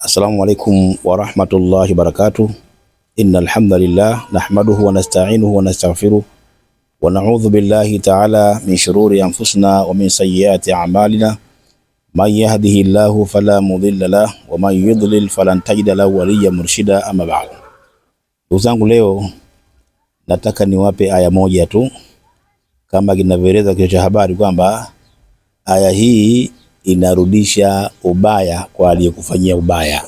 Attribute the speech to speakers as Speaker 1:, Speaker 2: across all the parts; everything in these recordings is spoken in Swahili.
Speaker 1: Assalamu alaikum warahmatullahi wabarakatuh. Innal hamdalillah nahmaduhu wa nasta'inuhu wa nastaghfiruh wa na'udhu billahi ta'ala min shururi anfusina wa min sayyiati a'malina man yahdihillahu fala mudilla lah wa man yudlil falan tajida lahu waliya murshida amma ba'd. Ndugu zangu, leo nataka niwape aya moja tu kama kinavyoeleza kichwa cha habari kwamba aya hii inarudisha ubaya kwa aliyekufanyia ubaya.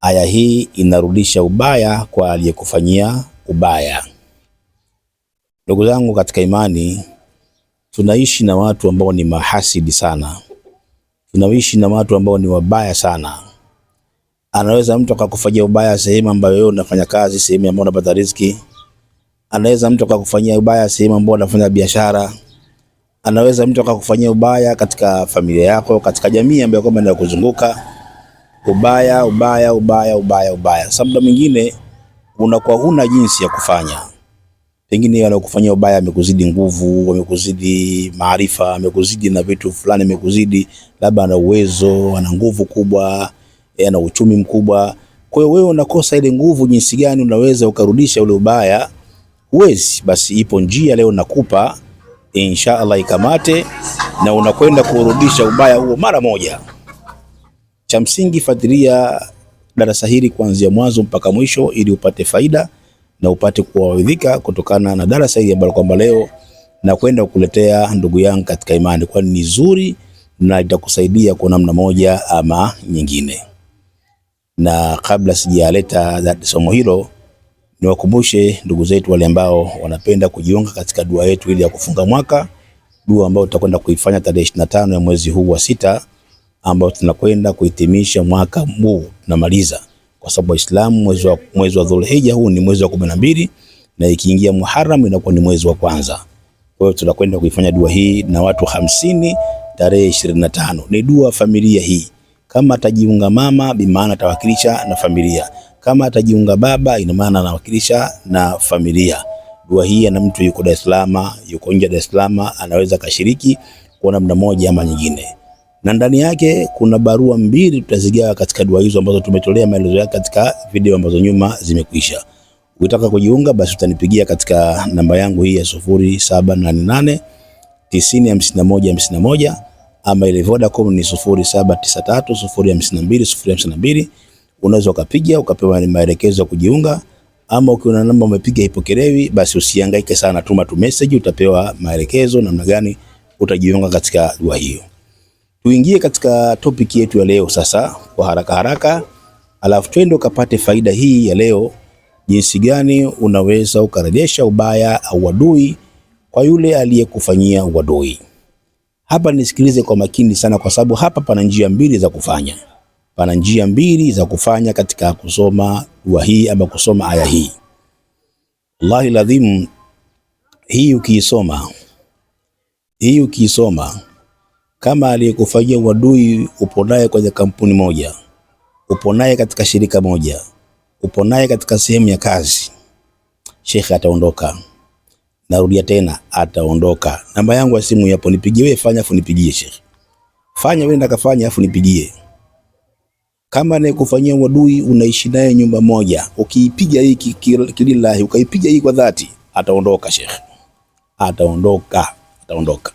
Speaker 1: Aya hii inarudisha ubaya kwa aliyekufanyia ubaya. Ndugu zangu katika imani, tunaishi na watu ambao ni mahasidi sana, tunaishi na watu ambao ni wabaya sana. Anaweza mtu akakufanyia ubaya sehemu ambayo wewe unafanya kazi, sehemu ambayo unapata riziki. Anaweza mtu akakufanyia ubaya sehemu ambayo unafanya biashara anaweza mtu akakufanyia ubaya katika familia yako, katika jamii ambayo kwamba inakuzunguka. Ubaya, ubaya, ubaya, ubaya, ubaya. Muda mwingine unakuwa huna jinsi ya kufanya, pengine anakufanyia ubaya, amekuzidi nguvu, amekuzidi maarifa, amekuzidi na vitu fulani, amekuzidi labda, ana uwezo, ana nguvu kubwa, eh, ana uchumi mkubwa. Kwa hiyo wewe unakosa ile nguvu, jinsi gani unaweza ukarudisha ule ubaya? Huwezi. Basi ipo njia, leo nakupa insha Allah ikamate, na unakwenda kurudisha ubaya huo mara moja. Cha msingi, fadhilia darasa hili kuanzia mwanzo mpaka mwisho, ili upate faida na upate kuwaidhika kutokana na darasa hili ambalo kwamba leo na kwenda kukuletea ndugu yangu katika imani, kwani ni zuri na itakusaidia kwa namna moja ama nyingine. Na kabla sijaleta somo hilo Niwakumbushe ndugu zetu wale ambao wanapenda kujiunga katika dua yetu ili ya kufunga mwaka, dua ambayo tutakwenda kuifanya tarehe 25 ya mwezi huu wa sita, ambao tunakwenda kuhitimisha mwaka huu tunamaliza, kwa sababu Waislamu mwezi wa mwezi wa Dhulhija huu ni mwezi wa 12 na ikiingia Muharram inakuwa ni mwezi wa kwanza. Kwa hiyo tunakwenda kuifanya dua hii na watu hamsini tarehe 25. Ni dua familia hii, kama atajiunga mama, bi maana atawakilisha na familia kama atajiunga baba, ina maana anawakilisha na familia. Dua hii na mtu yuko Dar es Salaam, yuko nje Dar es Salaam, anaweza kashiriki kwa namna moja ama nyingine, na ndani yake kuna barua mbili tutazigawa katika dua hizo ambazo tumetolea maelezo yake katika video ambazo nyuma zimekwisha. Ukitaka kujiunga basi utanipigia katika namba yangu hii ya 0788 saba nane ama ile Vodacom ni 0793 052 052 unaweza ukapiga ukapewa maelekezo ya kujiunga, ama ukiona namba umepiga ipokelewi, basi usihangaike sana, tuma tu message, utapewa maelekezo namna gani utajiunga katika dua hiyo. Tuingie katika topic yetu ya leo sasa kwa haraka haraka, alafu twende ukapate faida hii ya leo, jinsi gani unaweza ukarejesha ubaya au uadui kwa yule aliyekufanyia uadui. Hapa nisikilize kwa makini sana, kwa sababu hapa pana njia mbili za kufanya pana njia mbili za kufanya katika kusoma dua hii ama kusoma aya hii. Wallahi ladhimu, hii ukiisoma, hii ukiisoma kama aliyekufanyia uadui upo naye kwenye kampuni moja, upo naye katika shirika moja, upo naye katika sehemu ya kazi, shekhe ataondoka. Narudia tena, ataondoka. Namba yangu ya simu yapo, nipigie wewe, fanya afu nipigie shekhe, fanya wewe, ndakafanya afu nipigie kama anayekufanyia wadui unaishi naye nyumba moja, ukiipiga hii kililahi, ukaipiga hii kwa dhati, ataondoka shekhe, ataondoka, ataondoka.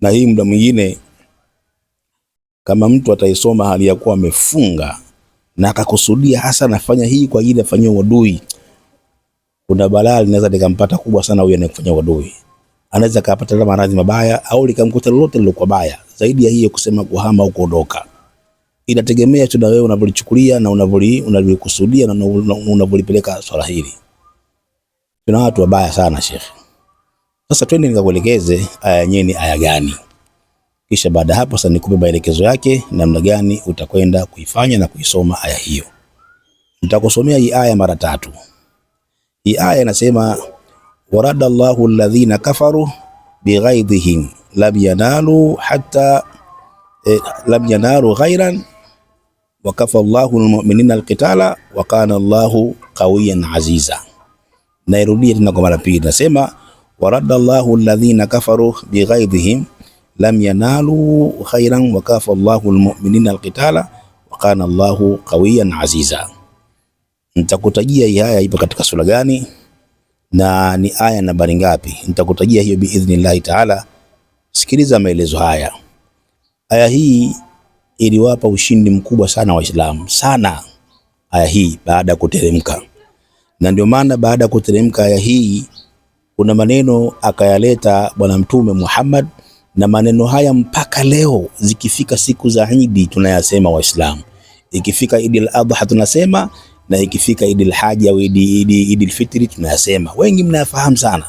Speaker 1: Na hii muda mwingine kama mtu ataisoma hali ya kuwa amefunga na akakusudia hasa anafanya hii kwa ajili ya afanyia wadui, kuna balaa linaweza likampata kubwa sana huyo anayekufanyia wadui. anaweza kapata maradhi mabaya au likamkuta lolote lilokuwa baya zaidi ya hiyo kusema kuhama au kuondoka inategemea tu na wewe unavyolichukulia na unavyolikusudia na unavyolipeleka swala hili. Tuna watu wabaya sana shekhe. Sasa twende nikakuelekeze aya yenyewe ni aya gani, kisha baada hapo sasa nikupe maelekezo yake, namna gani utakwenda kuifanya na kuisoma aya hiyo. Nitakusomea hii aya mara tatu. Hii aya inasema warada Allahu alladhina kafaru bighaidhihim lam yanalu hatta eh, lam yanalu ghairan wakafa llahu lmuminina alqitala wakana llahu qawiyan aziza. Nairudia tena kwa mara pili, nasema waradda llahu alladhina kafaru bighaidhihim lam yanalu khairan wakafa llahu lmuminina alqitala wakana llahu qawiyan aziza. Nitakutajia aya ipo katika sura gani na ni aya nambari ngapi? Nitakutajia hiyo biidhnillahi taala. Sikiliza maelezo haya, aya hii iliwapa ushindi mkubwa sana Waislamu sana aya hii baada ya kuteremka, na ndio maana baada ya kuteremka aya hii kuna maneno akayaleta Bwana Mtume Muhammad, na maneno haya mpaka leo zikifika siku za Idi tunayasema Waislamu, ikifika Idi al-Adha tunasema na ikifika al Haji au al Fitri tunayasema. Wengi mnayafahamu sana,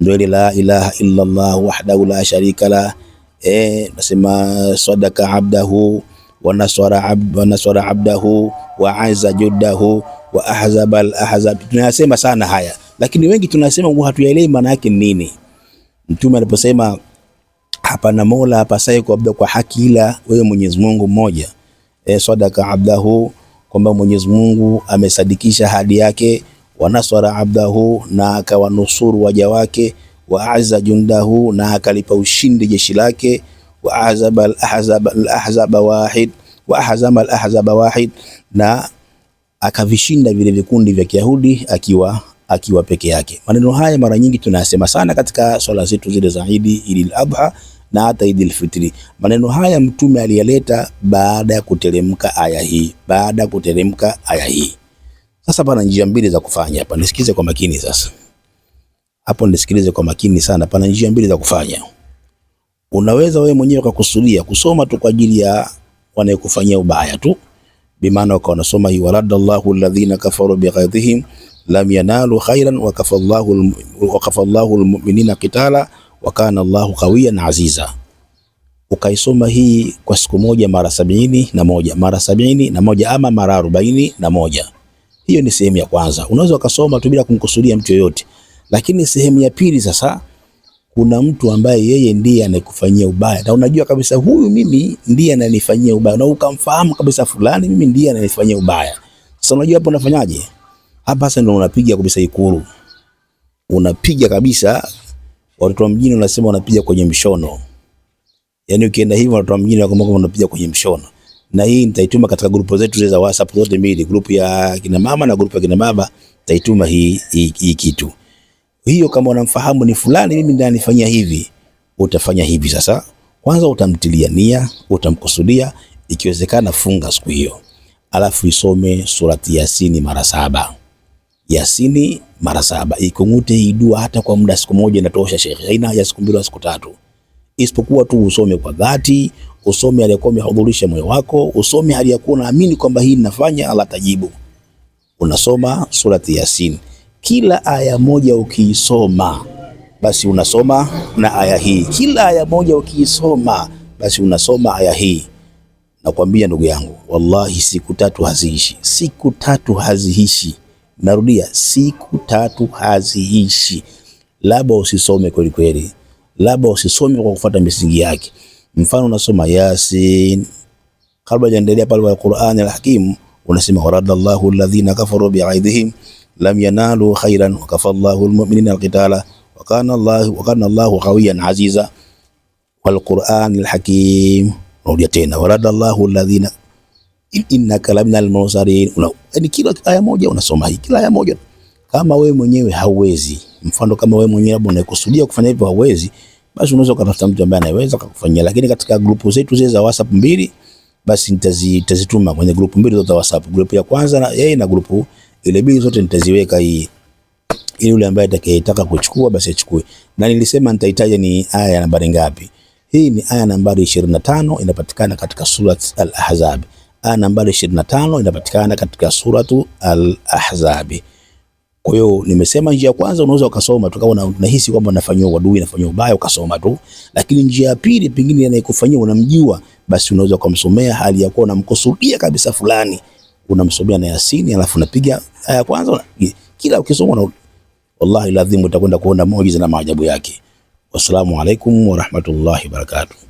Speaker 1: ndio ile la ilaha illa Allah wahdahu la sharika la eh, nasema sadaka abdahu wanaswara abd, wanaswara abdahu wa aza juddahu wa ahzaba al ahzab. Tunasema sana haya, lakini wengi tunasema hatuyaelewi maana yake ni nini. Mtume aliposema hapana mola hapasaye kuabudiwa kwa haki ila wewe Mwenyezi Mungu mmoja, e, sadaka abdahu, kwamba Mwenyezi Mungu amesadikisha hadi yake, wanaswara abdahu, na akawanusuru waja wake wa aza jundahu, na akalipa ushindi jeshi lake wa ahzaba al-ahzaba wahid wa ahzama al-ahzaba wahid, na akavishinda vile vikundi vya Kiyahudi akiwa akiwa peke yake. Maneno haya mara nyingi tunayasema sana katika swala zetu zile za Idi, Idil Adha na hata Idil Fitri. Maneno haya mtume aliyaleta baada ya kuteremka aya hii, baada ya kuteremka aya hii. Sasa pana njia mbili za kufanya hapa, nisikize kwa makini sasa. Hapo nisikilize kwa makini sana, pana njia mbili za kufanya. Unaweza wewe mwenyewe ukakusudia kusoma tu kwa ajili ya wanayekufanyia ubaya tu, bi maana unasoma wakawa wanasoma Allahu alladhina kafaru bighaidhihim lam yanalu khairan Allahu almu'minina qitala wa kana Allahu qawiyan aziza. Ukaisoma hii kwa siku moja mara sabini na moja mara sabini na moja ama mara arobaini na moja. Hiyo ni sehemu ya kwanza. Unaweza ukasoma tu bila kumkusudia mtu yoyote. Lakini sehemu ya pili sasa, kuna mtu ambaye yeye ndiye anayekufanyia ubaya na unajua kabisa huyu mimi ndiye ananifanyia ubaya, na ukamfahamu kabisa fulani mimi ndiye ananifanyia ubaya. Sasa unajua hapo unafanyaje? Hapa sasa ndio unapiga kabisa Ikulu, unapiga kabisa. Watoto wa mjini wanasema unapiga kwenye mshono, Yaani ukienda hivyo watu wa mjini wanakuambia unapiga kwenye mshono na hii nitaituma katika grupu zetu za WhatsApp zote mbili, grupu ya kina mama na grupu ya kina baba. Nitaituma hii, hii, hii kitu hiyo, kama unamfahamu ni fulani, mimi ndiye anifanyia hivi, utafanya hivi. Sasa kwanza utamtilia nia, utamkusudia, ikiwezekana funga siku hiyo, alafu isome surati Yasini mara saba, Yasini mara saba, ikungute hii dua hata kwa muda siku moja inatosha, shekhe, haina haja siku mbili au siku tatu, isipokuwa tu usome kwa dhati, usome aliyokuwa amehudhurisha moyo wako, usome hali ya kuwa unaamini kwamba hii ninafanya, Allah tajibu. Unasoma surati Yasini. Kila aya moja ukiisoma basi unasoma na aya hii, kila aya moja ukiisoma basi unasoma aya hii. Nakwambia ndugu yangu, wallahi siku tatu haziishi, siku tatu haziishi. Narudia, siku tatu haziishi. Labda usisome kweli kweli, labda usisome kwa kufuata misingi yake. Mfano unasoma Yasin, kabla hujaendelea pale kwa Qur'an al-Hakim unasema waradallahu alladhina kafaru bi'aidihim lam yanalu khairan wa kafa Allahu almu'minina alqitala wa kana Allahu wa kana Allahu qawiyan aziza wal qur'anil hakim. Rudia tena warada Allahu alladhina innaka laminal mursalin. Yaani kila aya moja unasoma hii, kila aya moja kama wewe mwenyewe hauwezi, mfano kama wewe mwenyewe labda unakusudia kufanya hivyo hauwezi, basi unaweza kutafuta mtu ambaye anaweza kukufanyia. Lakini katika grupu zetu zile za WhatsApp mbili, basi nitazituma kwenye grupu mbili za WhatsApp, grupu ya kwanza na yeye na grupu ile bili zote nitaziweka hii ili yule ambaye atakayetaka kuchukua basi achukue. Na nilisema nitahitaji ni aya ya nambari ngapi? Hii ni aya nambari 25 inapatikana katika Surat Al-Ahzab. Aya nambari 25 inapatikana katika Suratu Al-Ahzab. Kwa hiyo nimesema njia ya kwanza unaweza ukasoma tu, kama unahisi kwamba unafanywa wadui, unafanywa ubaya, ukasoma tu. Lakini njia ya pili, pengine anayekufanyia unamjua, basi unaweza ukamsomea hali ya kuwa unamkusudia kabisa fulani unamsomea na Yasini, alafu unapiga aya eh, kwanza. Kila ukisoma na wallahi lazima utakwenda kuona muujiza na maajabu yake. Wassalamu alaikum warahmatullahi wabarakatuh.